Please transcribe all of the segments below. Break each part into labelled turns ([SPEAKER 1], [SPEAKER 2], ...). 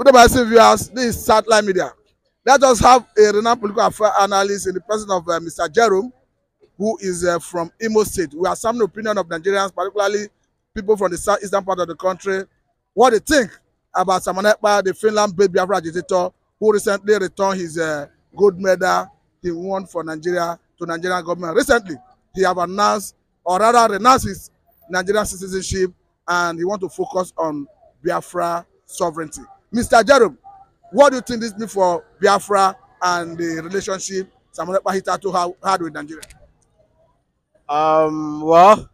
[SPEAKER 1] Good evening, viewers. This is Satellite Media. Let us have a renowned political affairs analyst in the person of uh, Mr. Jerome, who is uh, from Imo State. We are some opinion of Nigerians, particularly people from the southeastern part of the country, what they think about Samanekpa, the Finland baby Afro agitator, who recently returned his uh, gold medal he won for Nigeria to Nigerian government. Recently, he have announced, or rather renounced his Nigerian citizenship, and he want to focus on Biafra sovereignty. Mr. Jerome, what do you think this means for Biafra and the relationship Samuel Pahitato had with Nigeria? Um,
[SPEAKER 2] well,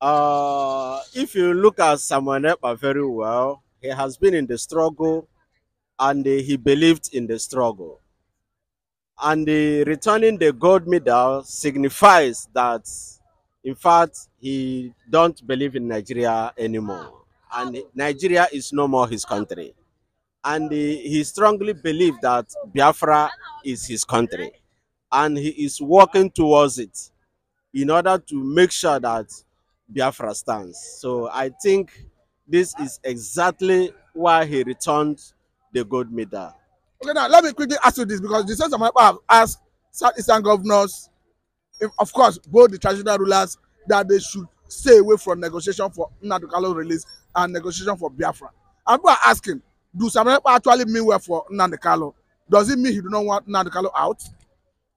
[SPEAKER 2] uh, if you look at Samuel very well, he has been in the struggle and he believed in the struggle. And returning the gold medal signifies that, in fact, he don't believe in Nigeria anymore and Nigeria is no more his country. And he, he strongly believes that Biafra is his country. And he is working towards it in order to make sure that Biafra stands. So I think this is exactly why he returned the gold medal.
[SPEAKER 1] Okay, now let me quickly ask you this because the sense of my have asked Southeastern governors, of course, both the traditional rulers, that they should stay away from negotiation for Nnadikalo release and negotiation for Biafra. And people are asking, do Samuel actually mean well for Nandekalo? Does it mean he do not
[SPEAKER 2] want Nandekalo out?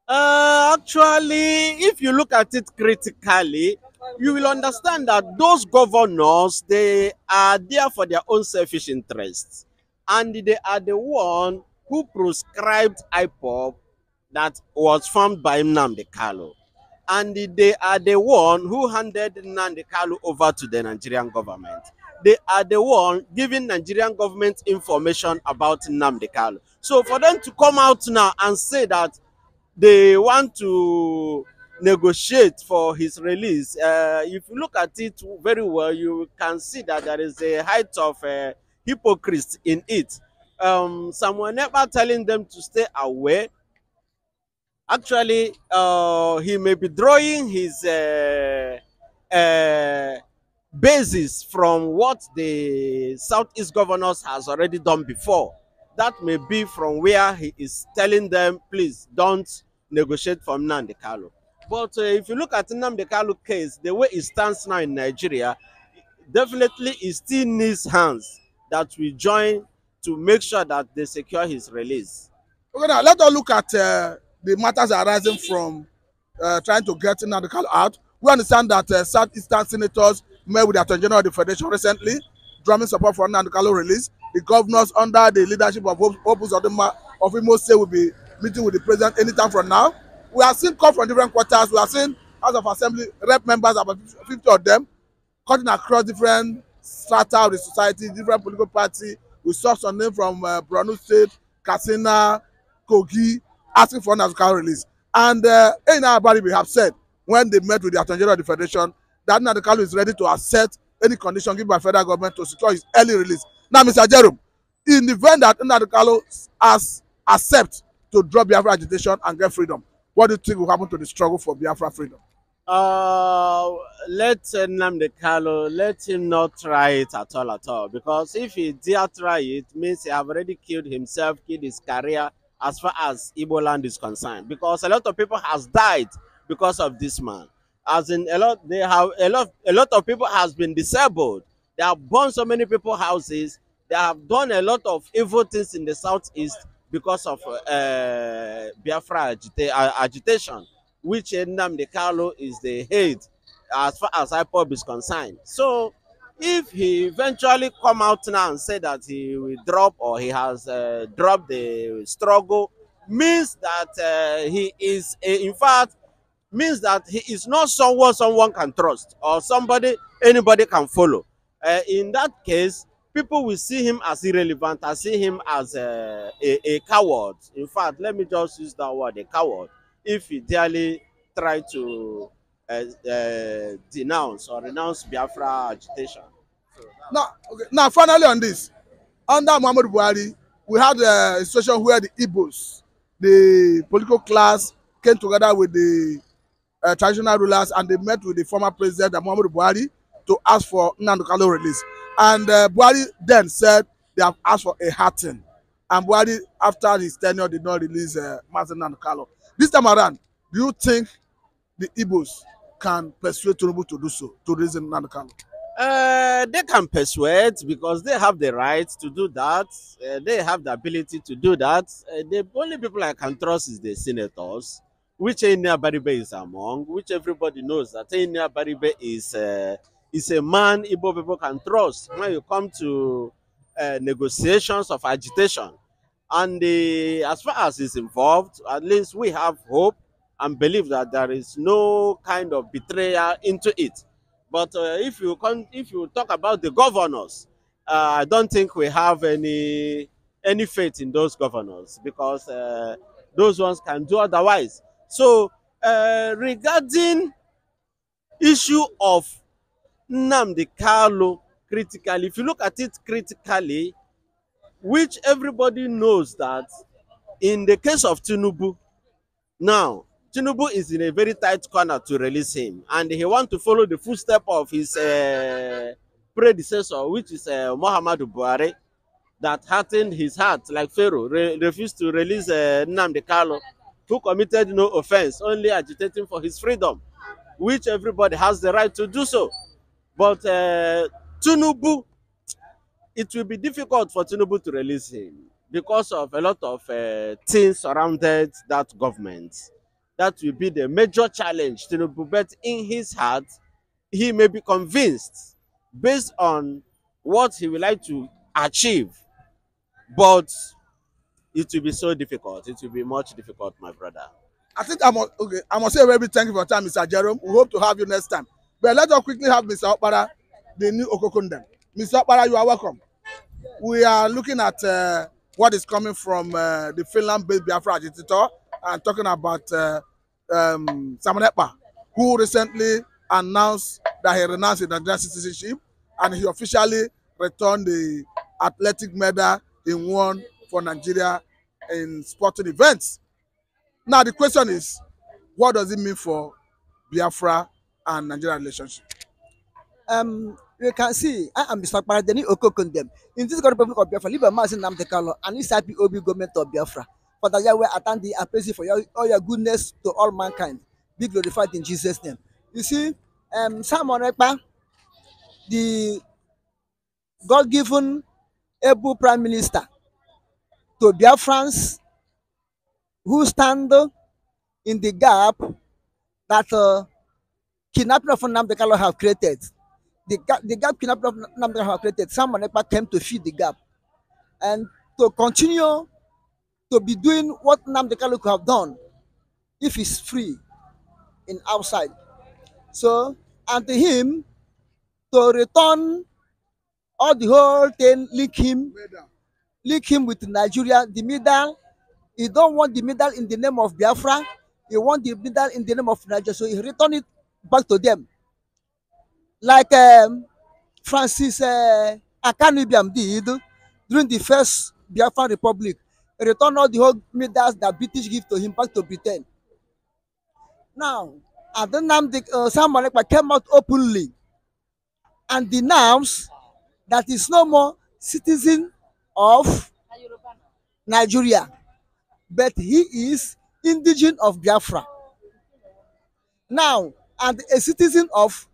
[SPEAKER 2] Uh, actually, if you look at it critically, you will understand that those governors, they are there for their own selfish interests. And they are the one who proscribed IPOP that was formed by Nnamdi Kalu. And they are the one who handed Nnamdi Kalu over to the Nigerian government they are the one giving Nigerian government information about Nnamdi Kalu. So for them to come out now and say that they want to negotiate for his release, uh, if you look at it very well, you can see that there is a height of uh, hypocrisy in it. Um, someone never telling them to stay away. Actually, uh, he may be drawing his uh, uh, basis from what the Southeast governors has already done before. That may be from where he is telling them, please don't negotiate for Nnamdi Kalu. But uh, if you look at Nnamdi Kalu case, the way it stands now in Nigeria, definitely he still needs hands that we join to make sure that they secure his release.
[SPEAKER 1] Okay, now let us look at uh, the matters arising from uh, trying to get Nnamdi Kalu out. We understand that uh, Southeastern senators met with the Attorney General of the Federation recently, drumming support for Nandukalo release. The governors under the leadership of Opus of, of Imo State will be meeting with the president anytime from now. We have seen calls from different quarters. We have seen House of Assembly rep members, about 50 of them, cutting across different strata of the society, different political party. We saw some name from uh, Borno State, Katsina, Kogi, asking for Nandukalo release. And uh, Eina Abari, we have said, when they met with the Attorney General of the Federation, that Nnamdi Kanu is ready to accept any condition given by federal government to secure his early release. Now, Mr. Jerome, in the event that Nnamdi Kanu has accept to drop Biafra agitation and get freedom, what do you think will happen to the struggle for Biafra freedom?
[SPEAKER 2] Uh, let uh, Nnamdi Kanu, let him not try it at all at all. Because if he dare try it, means he have already killed himself, killed his career as far as Igbo land is concerned. Because a lot of people has died because of this man. as in a lot they have a lot a lot of people has been disabled they have burned so many people houses they have done a lot of evil things in the southeast because of uh, biafra agita uh, agitation which Nnamdi Kalu is the head as far as IPOB is concerned so if he eventually come out now and say that he will drop or he has uh, dropped the struggle means that uh, he is in fact means that he is not someone someone can trust or somebody anybody can follow. Uh, in that case, people will see him as irrelevant, I see him as a, uh, a, a, coward. In fact, let me just use that word, a coward, if he daily try to uh, uh, denounce or renounce Biafra agitation.
[SPEAKER 1] now, okay, now, finally on this, under Muhammad Buhari, we had a situation where the Igbos, the political class, came together with the uh, traditional rulers and they met with the former president Muhammadu Buhari to ask for Nnamdi release. And uh, Buhari then said they have asked for a hurting. And Buhari, after his tenure, did not release uh, Mazen Nnamdi This time around, do you think the Igbos can persuade Tinubu to do so, to release Nnamdi
[SPEAKER 2] uh, they can persuade because they have the right to do that. Uh, they have the ability to do that. Uh, the only people I can trust is the senators which Enya is among, which everybody knows that Enya Baribe is uh, is a man Igbo people can trust when you come to uh, negotiations of agitation. And the, uh, as far as he's involved, at least we have hope and believe that there is no kind of betrayal into it. But uh, if you con- if you talk about the governors, uh, I don't think we have any any faith in those governors because uh, those ones can do otherwise. So uh, regarding issue of Namdi Kalu critically, if you look at it critically, which everybody knows that in the case of Tinubu, now Tinubu is in a very tight corner to release him, and he wants to follow the footsteps of his uh, predecessor, which is uh, Muhammadu Buhari, that hardened his heart like Pharaoh, re refused to release uh, Namdi Kalu who committed no offense, only agitating for his freedom, which everybody has the right to do so. But uh, Tunubu, it will be difficult for Tunubu to release him because of a lot of uh, things surrounded that government. That will be the major challenge Tinubu, but in his heart, he may be convinced based on what he would like to achieve. But it will be so difficult. It will be much difficult, my brother.
[SPEAKER 1] I think I must okay. I must say a very big thank you for your time, Mr. Jerome. We hope to have you next time. But let us quickly have Mr. Okpara, the new Okokundem. Mr. Okpara, you are welcome. We are looking at uh, what is coming from uh, the Finland-based Biafra agitator and talking about uh, um, Simon Ekpa, who recently announced that he renounced his Nigerian citizenship and he officially returned the athletic medal he won for Nigeria in sporting events. Now, the question is, what does it mean for Biafra and
[SPEAKER 3] Nigeria relationship? Um, you can see, I am Mr. Paradeni Okokundem. In this Republic of Biafra, Libre Mazin Namdekalo and this happy IPOB government of Biafra. Father Yahweh, I thank thee, I praise you for your, all your goodness to all mankind. Be glorified in Jesus' name. You see, um, Simon Ekpa, the God-given able prime minister to Biafrans who stand in the gap that uh, kidnapping of have created. The gap, the gap kidnapping of Nnamdi have created, someone came to fill the gap. And to continue to be doing what Nnamdi could have done if he's free in outside. So, and to him, to return all the whole thing, link him link him with Nigeria, the middle. He don't want the middle in the name of Biafra. He want the middle in the name of Nigeria. So he returned it back to them. Like um, Francis uh, Akanubiam did during the first Biafra Republic. He returned all the whole medals that British give to him back to Britain. Now, Adenamdi uh, Sam Malekwa came out openly and denounced that is no more citizen of Nigeria, but he is indigenous of Biafra. Now, and a citizen of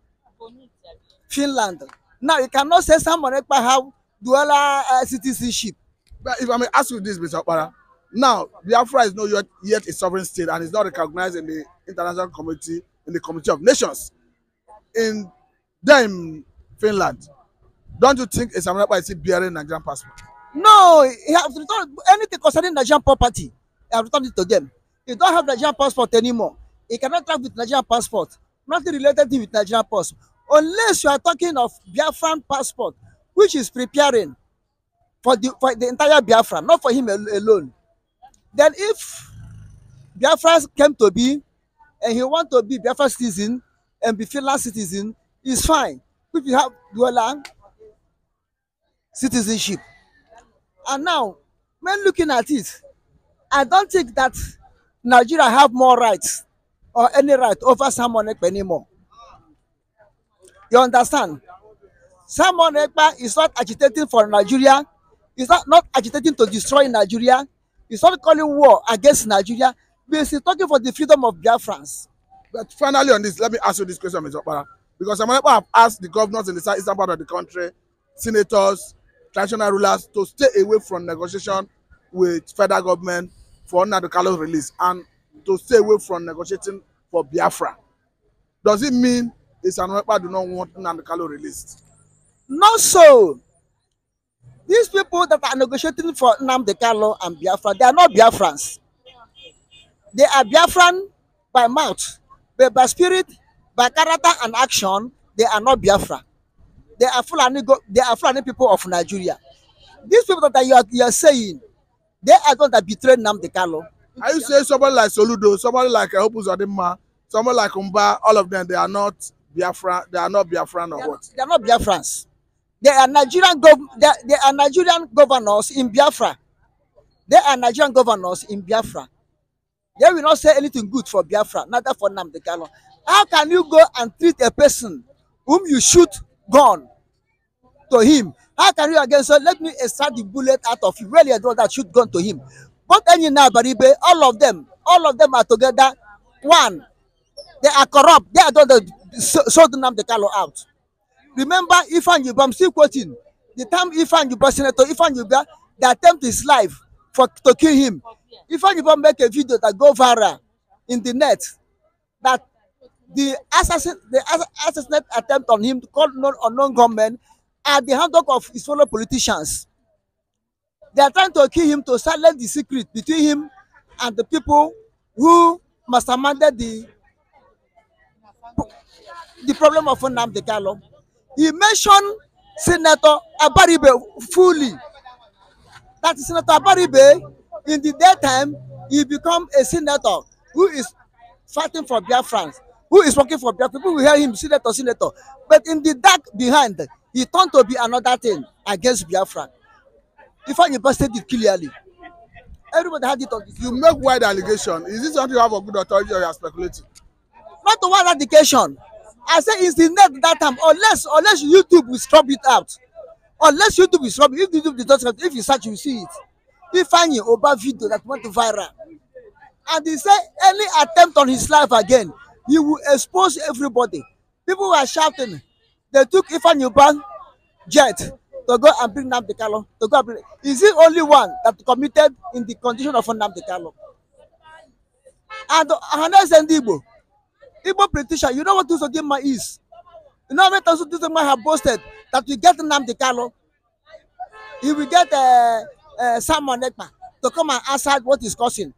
[SPEAKER 3] Finland. Now, you cannot say someone have dual uh, citizenship. But if I may ask you this, Mr. Okpara, now Biafra is not yet,
[SPEAKER 1] yet a sovereign state and is not recognized in the international community, in the Community of Nations. In them, Finland, don't you think a samurai is bearing
[SPEAKER 3] Nigerian passport? No, he has returned anything concerning Nigerian property. He has returned it to them. He don't have Nigerian passport anymore. He cannot travel with Nigerian passport. Nothing related to with Nigerian passport. Unless you are talking of Biafran passport, which is preparing for the for the entire Biafra, not for him alone. Then if Biafra came to be and he want to be Biafra citizen and be Finland citizen, it's fine. If you have dual citizenship, And now, when looking at it, I don't think that Nigeria have more rights or any right over Simon Ekpa anymore. You understand? Simon Ekpa is not agitating for Nigeria. He's not, not agitating to destroy Nigeria. He's not calling war against Nigeria. But He's talking for the freedom of Biafrans. But finally on this, let me ask you this question, Mr. Okpara.
[SPEAKER 1] Because Simon Ekpa have asked the governors in the eastern part of the country, senators, traditional rulers to stay away from negotiation with federal government for Nnamdi release and to stay away from negotiating for Biafra. Does it mean
[SPEAKER 3] the Sanuepa do not want Nnamdi released? Not so. These people that are negotiating for Nnamdi Kanu and Biafra, they are not Biafrans. They are Biafran by mouth, but by spirit, by character and action, they are not Biafra they are Fulani, go, people of Nigeria. These people that you are, you are saying, they are going to betray Namdi Kano. Are you saying
[SPEAKER 1] somebody like Soludo, somebody like Hopu Zadima, somebody like Umba, all of them, they are not
[SPEAKER 3] Biafra, they are not Biafran or they are, what? They are not Biafrans. They are Nigerian gov they, are, they are Nigerian governors in Biafra. They are Nigerian governors in Biafra. They will not say anything good for Biafra, neither for Namdi Kano. How can you go and treat a person whom you shoot gun to him. How can you again say, let me extract the bullet out of you? Really, a drug that shoot gun to him. But any now, Baribe, all of them, all of them are together. One, they are corrupt. They are uh, the ones that sold Nnamdi out. Remember, Ifan Yuba, I'm still quoting, the time Ifan Yuba, Senator Ifan Yuba, they attempt his life for to kill him. Ifan Yuba make a video that go viral in the net that the assassin, the assassinate attempt on him called non unknown gunmen at the hand of his fellow politicians. They are trying to kill him to silence the secret between him and the people who masterminded the the problem of Nnamdi Kano. He mentioned Senator Abaribe fully. That is Senator Abaribe, in the daytime, he become a senator who is fighting for Biafrans. who is working for Biafra? people will hear him senator senator but in the dark behind he turned to be another thing against biafra ifeanyi bested it clearly everybody had it on this. you make wide allegation is this something you have A good authority or you are speculating. not a wide allegation i say it's the net that time unless unless youtube will scrub it out unless youtube will scrub it if youtube dey talk if you search you see it ifeanyi oba video that went viral and he say any attempt on his life again He will expose everybody. People were shouting. They took Ifan Yuban jet to go and bring Nnamdi Kanu. To go and bring. Is he only one that committed in the condition of Nnamdi Kanu? And Hanes and Igbo, Igbo politician, you know what Uzodinma is? You know how many times Uzodinma have boasted that we get Nnamdi Kanu? He will get uh, uh, Simon Ekpa to come and ask what is causing.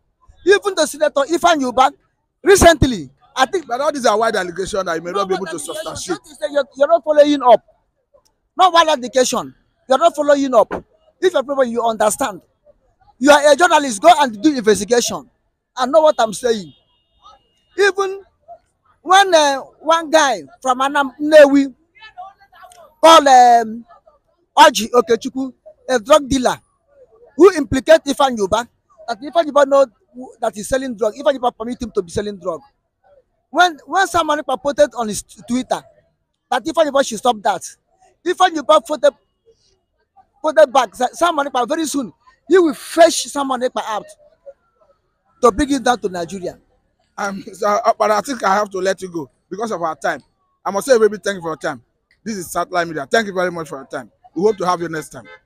[SPEAKER 3] Even the senator Ifan Yuban recently I think but all these are wide allegations that you may no, not be able to substantiate. You're, you're not following up. Not wide allegation. You're not following up. If you're people, you understand. You are a journalist. Go and do investigation. and know what I'm saying. Even when uh, one guy from Anam Newi called um, Oji Okechukwu a drug dealer who implicated Ifan Yuba that Ifan Yuba know that he's selling drugs. Ifan Yuba permit him to be selling drugs when when Samani reported on his Twitter that if anybody should stop that, if Ifeanyibo voted voted back somebody very soon. He will fetch Samani out to bring it down to Nigeria. Um, so, uh, but I think I have to let you go because of our time. I
[SPEAKER 1] must say, baby, thank you for your time. This is Satellite Media. Thank you very much for your time. We hope to have you next time.